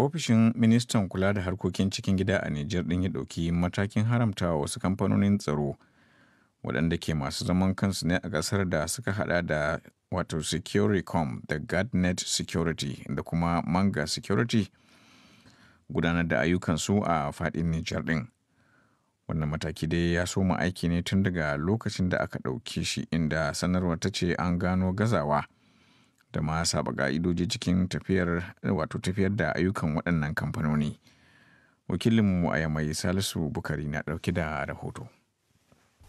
Ofishin Ministan Kula da Harkokin Cikin Gida a Nijar ɗin ya ɗauki matakin haramta wasu kamfanonin tsaro waɗanda ke masu zaman kansu ne a ƙasar da suka hada da wato Securicom da Gardnet Security da kuma Manga Security gudanar da ayyukansu a faɗin Nijar ɗin. Wannan mataki dai ya so ma aiki ne tun daga lokacin da aka ɗauke shi inda sanarwar ta ce an gano gazawa. da ma saba ga'idoji cikin tafiyar wato tafiyar da ayyukan waɗannan kamfanoni mu a yamai salisu bukari na ɗauki da rahoto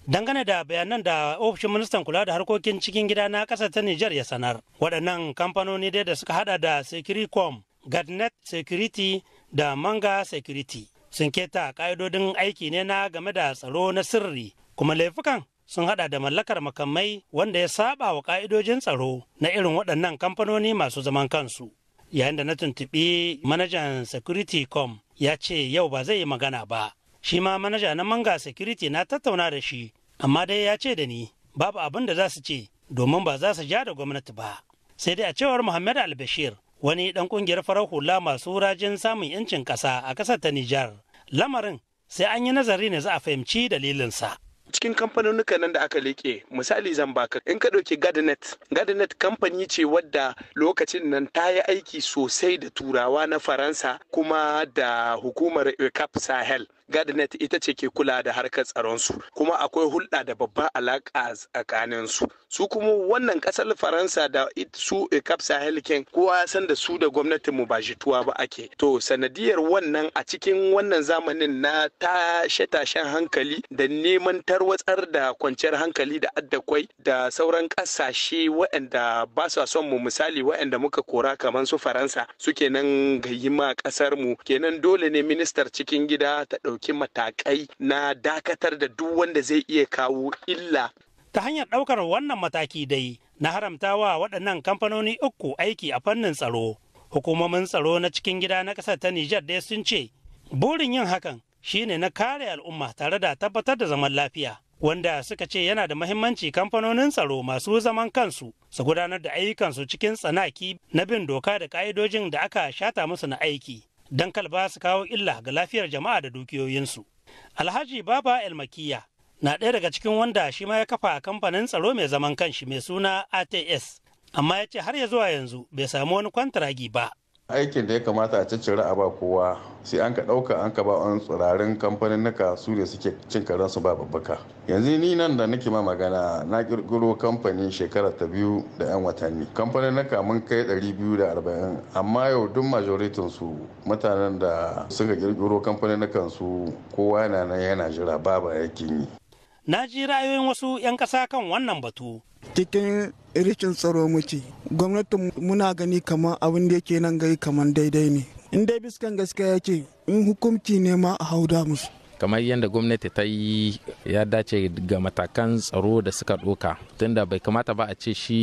dangane da bayanan da ofishin ministan kula da harkokin cikin gida na ƙasa ta nijar ya sanar waɗannan kamfanoni dai da suka hada da securicom gadnet security da manga security sun keta ƙa'idodin aiki ne na game da tsaro na sirri kuma laifukan sun hada da mallakar makamai wanda ya saba wa ka'idojin tsaro na irin waɗannan kamfanoni masu zaman kansu yayin da na tuntuɓi manajan security com ya ce yau ba zai yi magana ba shi ma manaja na manga security na tattauna da shi amma dai ya ce da ni babu abin da za su ce domin ba za su ja da gwamnati ba sai dai a cewar muhammad albashir wani dan kungiyar farar hula masu rajin samun yancin ƙasa a ƙasar ta nijar lamarin sai an yi nazari ne za a fahimci dalilinsa. cikin kamfanonuka nan da aka leƙe misali zan baka in ka ɗauki gardenet gardenet kamfani ce wadda lokacin nan ta yi aiki sosai da turawa na faransa kuma da hukumar ecap sahel gardanet ita ce ke kula da harkar tsaronsu kuma akwai hulɗa da babban alaƙa tsakanin su su kuma wannan ƙasar faransa da su eh, cap sahel ken kowa ya san da su da gwamnatin mu ba jituwa ba ake to sanadiyar wannan a cikin wannan zamanin na tashe-tashen hankali da neman tarwatsar da kwanciyar hankali da addakwai da sauran ƙasashe waɗanda ba sa son mu misali waɗanda muka kora kamar su faransa suke nan gayyima ƙasar mu kenan dole ne ministar cikin gida ta ɗauki ɗauki matakai na dakatar da duk wanda zai iya kawo illa ta hanyar ɗaukar wannan mataki dai na haramtawa waɗannan kamfanoni uku aiki a fannin tsaro hukumomin tsaro na cikin gida na ƙasar ta nijar dai sun ce burin yin hakan shine na kare al'umma tare da tabbatar da zaman lafiya wanda suka ce yana da mahimmanci kamfanonin tsaro masu zaman kansu su gudanar da ayyukansu cikin tsanaki na bin doka da ka'idojin da aka shata musu na aiki don kalba su kawo illa ga lafiyar jama'a da dukiyoyinsu. Alhaji Baba Elmakiya na ɗaya daga cikin wanda shi ma ya kafa kamfanin tsaro mai zaman kanshi mai suna ATS, amma ya ce har ya zuwa yanzu bai samu wani kwantaragi ba. aikin da ya kamata a ciccire a ba kowa sai an ka ɗauka an ka ba wani tsirarin kamfanin naka su ne suke cin karansu ba babbaka yanzu ni nan da nake ma magana na kirkiro kamfanin shekara ta biyu da yan watanni kamfanin naka mun kai ɗari biyu da arba'in amma yau duk majoritin su mutanen da suka kirkiro kamfanin naka su kowa yana nan yana jira babu yakin yi. na ji ra'ayoyin wasu 'yan ƙasa kan wannan batu cikin rikin tsaro muke gwamnatin muna gani kamar abin da yake nan gari kamar daidai ne in dai biskan gaskiya yake in hukunci ne ma a hauda musu kamar yadda gwamnati ta yi ya dace ga matakan tsaro da suka doka tunda bai kamata ba a ce shi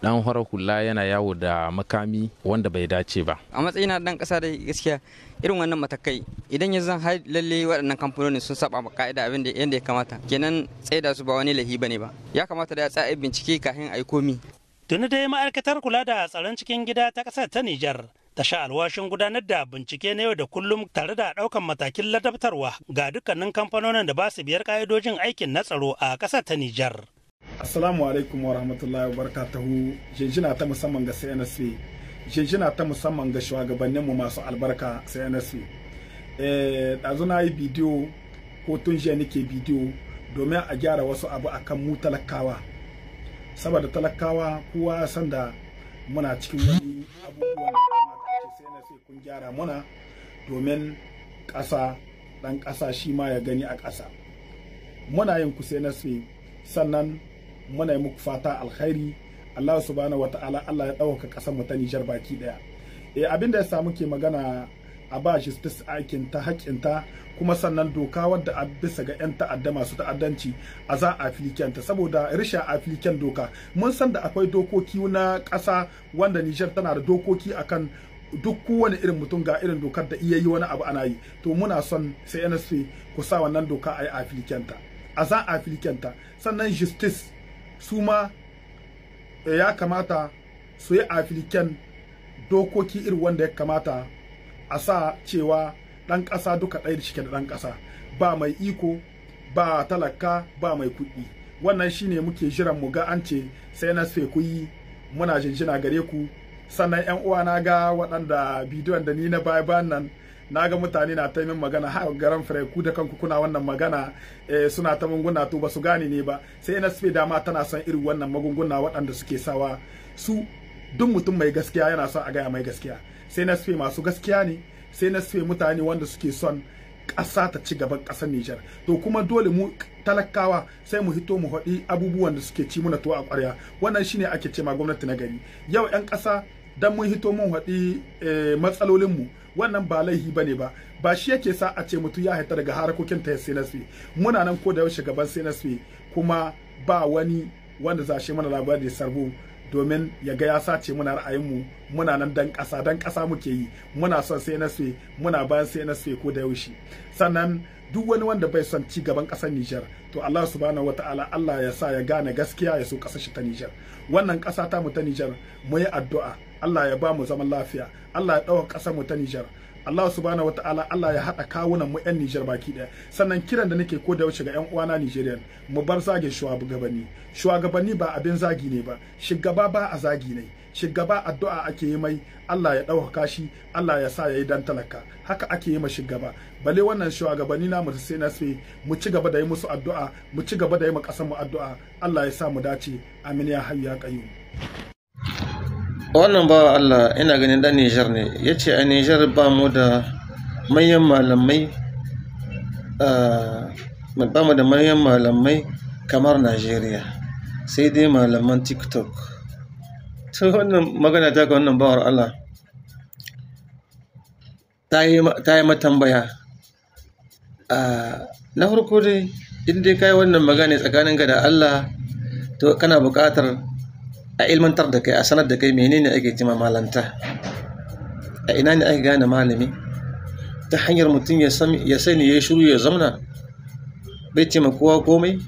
dan horar hula yana yawo da makami wanda bai dace ba a matsayina dan ƙasa da gaskiya irin wannan matakai idan ya zan lalle waɗannan kamfanonin sun saba ma ka'ida abin da yadda ya kamata kenan tsaida su ba wani lahi ba ne ba ya kamata da ya tsaya bincike kafin a yi komi tuni dai ma'aikatar kula da tsaron cikin gida ta ƙasar ta Nijar ta sha alwashin gudanar da bincike na yau da kullum tare da ɗaukan matakin ladabtarwa ga dukkanin kamfanonin da ba su biyar ka'idojin aikin na tsaro a ƙasar ta Nijar. Assalamu alaikum wa rahmatullahi wa barakatuhu. Jinjina ta musamman ga CNSP. Jinjina ta musamman ga mu masu albarka CNSP. Eh, ɗazu na yi bidiyo ko tun jiya nake bidiyo domin a gyara wasu abu akan mu talakawa. Saboda talakawa kowa ya san da muna cikin kun gyara muna domin ƙasa ɗan ƙasa shi ma ya gani a ƙasa muna yin ku sai sannan muna yi muku fata alkhairi Allah subhanahu wata'ala Allah ya ɗauka ƙasar mu ta Nijar baki ɗaya eh abin da ya samu ke magana a ba justice aikin ta ta kuma sannan doka wadda a bisa ga 'yan ta'adda masu ta'addanci a za a ta saboda risha afiliken doka mun san da akwai dokoki na ƙasa wanda Nijar tana da dokoki akan duk kowane irin mutum ga irin dokar da iya yi wani abu ana yi to muna son sai nsp ku sa wannan doka a yi afilikenta a za afilikenta sannan justice su ma eh, ya kamata su yi afiliken dokoki irin wanda ya kamata a sa cewa ɗan ƙasa duka ɗaya da shi da ɗan ƙasa ba mai iko ba talaka ba mai kuɗi wannan shine muke jiran mu ga an ce sai na ku yi muna jinjina gare ku sannan yan uwa na ga waɗanda bidiyon da ni na baya bayan nan na ga mutane na ta min magana har garan fure ku da kanku kuna wannan magana eh, suna ta munguna to ba su gane ne ba sai NSP dama tana son irin wannan magunguna waɗanda suke sawa su duk mutum mai gaskiya yana son a gaya mai gaskiya sai na NSP masu gaskiya ne sai na NSP mutane wanda suke son ƙasa ta ci gaban ƙasar Nijar to kuma dole mu talakawa sai mu hito mu haɗi abubuwan da suke ci muna tuwa a ƙwarya wannan shine ake ce ma gwamnati na gari yau 'yan ƙasa dan mun hito mun haɗi eh, matsalolinmu wannan ba laihi ne ba ba shi yake sa a ce mutu ya haita daga harakokin ta CNSP muna nan ko da yaushe gaban CNSP kuma ba wani wanda za shi mana labari da sarbo domin ya ga ya sace muna ra'ayinmu muna nan dan ƙasa dan ƙasa muke yi muna son CNSP muna bayan CNSP ko da yaushe sannan duk wani wanda bai son ci gaban ƙasar Nijar to Allah subhanahu ta'ala Allah ya sa ya gane gaskiya ya so ƙasar shi ta Nijar wannan ƙasa ta mu ta Nijar mu yi addu'a Allah ya ba mu zaman lafiya Allah ya ɗaukar ƙasar mu ta Nijar Allah subhanahu wataala Allah ya haɗa kawunan mu 'yan Nijar baki ɗaya sannan kiran da nake ko da yaushe ga 'yan uwana Nijeriya mu bar zagin shugabanni shugabanni ba abin zagi ne ba shugaba ba a zagi ne shugaba addu'a ake yi mai Allah ya ɗaukaka shi Allah ya sa ya yi dan talaka haka ake yi ma shugaba bale wannan shugabanni na mu sai na sai mu ci gaba da yi musu addu'a mu ci gaba da yi ma ƙasar mu addu'a Allah ya sa mu dace amin ya qayyum ya you wannan ba Allah ina ganin dan niger ne ya ce a niger ba mu da manyan malamai ah, ba mu da manyan malamai kamar Najeriya sai dai malaman TikTok to wannan magana ta ga wannan bawar Allah ta yi matambaya ah, na farko dai in kai wannan magana ga da Allah to kana bukatar. a ilmantar da kai a sanar da kai menene ake jima malanta a ina ne ake gane malami ta hanyar mutum ya sani ya shiru ya zamna bai ce ma kowa komai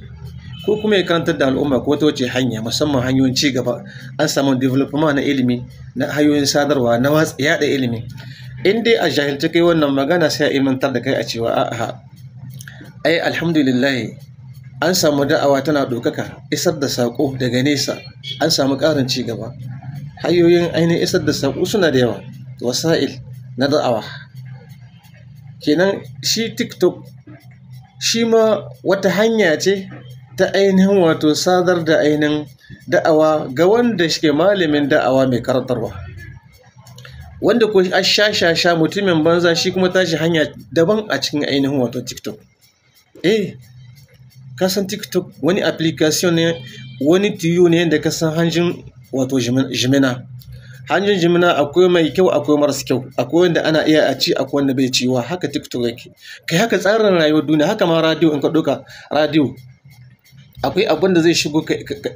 ko kuma ya karantar da al'umma ko ta wace hanya musamman hanyoyin ci gaba an samu development na ilimi na hanyoyin sadarwa na watsa yada ilimi in dai a jahilci kai wannan magana sai a ilmantar da kai a cewa a'a ai alhamdulillah an samu da'awa tana ɗaukaka isar da saƙo daga nesa an samu ƙarin ci gaba hanyoyin ainihin isar da saƙo suna da yawa wasa'il na da'awa kenan shi tiktok shi ma wata hanya ce ta ainihin wato sadar da ainihin da'awa ga wanda shi malamin da'awa mai karantarwa wanda ko a sha-sha-sha mutumin banza shi kuma tashi hanya daban a cikin ainihin wato tiktok eh ka san tiktok wani application ne wani tiyo ne da ka san hanjin wato jimina hanjin jimina akwai mai kyau akwai marasa kyau akwai wanda ana iya a ci akwai wanda bai cewa haka tiktok yake kai haka tsarin rayuwar duniya haka ma radio in ka doka radio akwai abin da zai shigo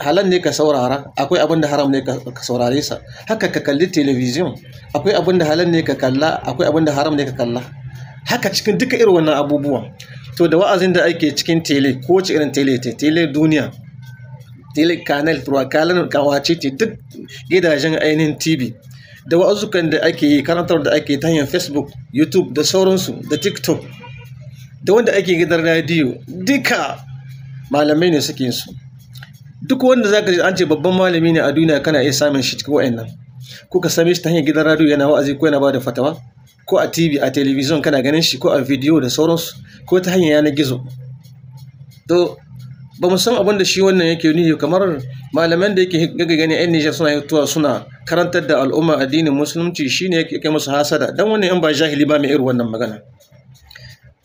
halan ne ka saurara akwai abin da haram ne ka saurare sa haka ka kalli television akwai abin da halan ne ka kalla akwai abin da haram ne ka kalla haka cikin duka irin wannan abubuwan to da wa'azin da ake cikin tele ko ci irin tele te tele duniya tele kanal kanal kawace ce duk gidajen ainihin tv da wa'azukan da ake yi karantar da ake ta hanyar facebook youtube da sauransu da tiktok da wanda ake gidan radiyo duka malamai ne suke su duk wanda zaka ji an ce babban malami ne a duniya kana iya samun shi cikin wa'annan kuka same shi ta hanyar gidan radiyo yana wa'azi ko yana bada fatawa ko a TV a television kana ganin shi ko a video da sauransu ko ta hanyar yanar gizo to ba mu san abin da shi wannan yake nuni kamar malaman da yake gaga gani yan Nijar suna yatuwa suna karantar da al'umma addinin musulunci shine yake kai musu hasada dan wannan yan ba jahili ba mai irin wannan magana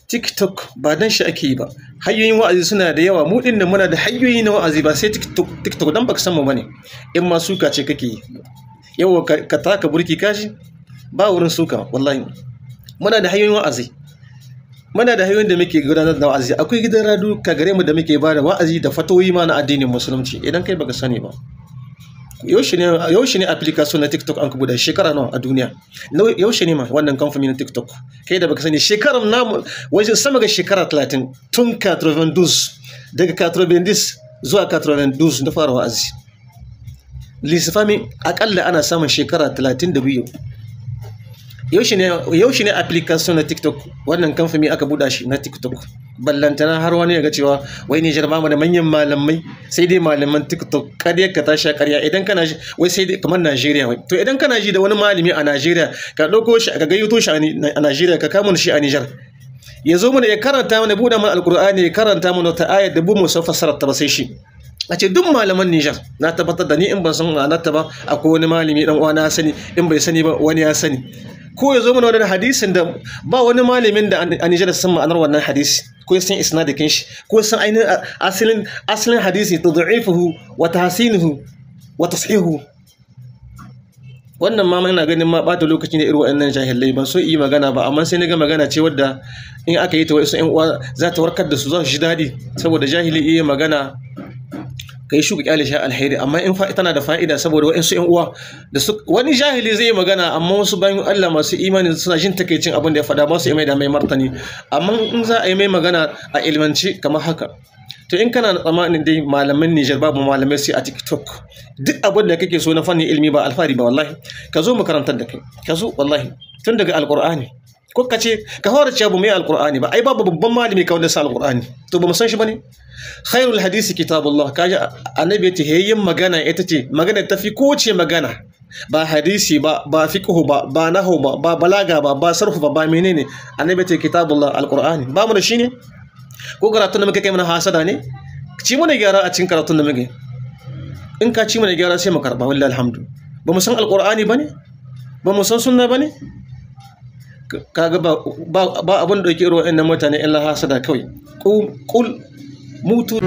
TikTok ba dan shi ake yi ba hanyoyin wa'azi suna da yawa mu din muna da hanyoyi na wa'azi ba sai TikTok TikTok dan baka san mu bane in ma suka ce kake yi yawa ka taka burki kaji ba wurin suka wallahi muna da hanyoyin wa'azi muna da hanyoyin da muke gudanar da wa'azi akwai gidan radu ka gare mu da muke ba da wa'azi da fatoyi ma na addinin musulunci idan kai baka sani ba yaushe ne yaushe ne application na TikTok an kubuda shekara nawa a duniya yaushe ne ma wannan kamfani na TikTok kai da baka sani shekarar namu wajen sama ga shekara 30 tun 92 daga 90 zuwa 92 da fara wa'azi lissafa akalla ana samun shekara 32 yaushe ne application na tiktok wannan kamfani aka buɗa shi na tiktok ballantana har wani ya ga cewa wai nijar jarba da manyan malamai sai dai malaman tiktok karya ka tashi a karya idan kana wai sai dai kamar najeriya wai to idan kana ji da wani malami a najeriya ka ɗauko shi ka gayyato shi a najeriya ka kama shi a nijar ya zo mana ya karanta mana buɗa mana alkur'ani ya karanta mana ta ayat da bumu mu san ta ba sai shi a ce duk malaman Nijar na tabbatar da ni in ban san ta ba akwai wani malami dan uwa na sani in bai sani ba wani ya sani ko ya zo mana wani hadisin da ba wani malamin da a Nijar sun ma'anar wannan hadisi ko ya san isnadikin shi ko ya san ainihin asalin asalin hadisi tad'ifuhu wa tahsinuhu wa tashihu wannan ma na ganin ma bata lokaci ne irin wannan jahilai ban so yi magana ba amma sai na magana ce wadda in aka yi ta wasu ƴan uwa za ta warkar da su za su ji dadi saboda jahili iya magana ka yi shuka kyale shi alheri amma in fa tana da fa'ida saboda wa'insu yan uwa da su wani jahili zai yi magana amma wasu bayan Allah masu imani suna jin takeicin abin da ya faɗa ba su yi mai da mai martani amma in za a yi mai magana a ilmanci kamar haka to in kana na tsammanin dai malaman Nijar babu malamai sai a TikTok duk abin da kake so na fannin ilimi ba alfari ba wallahi ka zo makarantar da kai ka zo wallahi tun daga alkur'ani ko ka ce ka fara cewa mai alqur'ani ba ai babu babban malami ka wanda sa alqur'ani to ba mu san shi bane khairul hadisi kitabullah kaji annabi ya ce magana ita ce magana ta fi koce magana ba hadisi ba ba fiqhu ba ba nahu ba ba balaga ba ba sarfu ba ba menene annabi ya ce kitabullah alqur'ani ba mu da shi ne ko karatun da muka kai mana hasada ne ci mana gyara a cikin karatun da muke in ka ci mana gyara sai mu karba wallahi alhamdu ba mu san alqur'ani bane ba mu san sunna bane kaga ba ba abin da yake irin wa'annan mutane illa hasada kawai kul mutu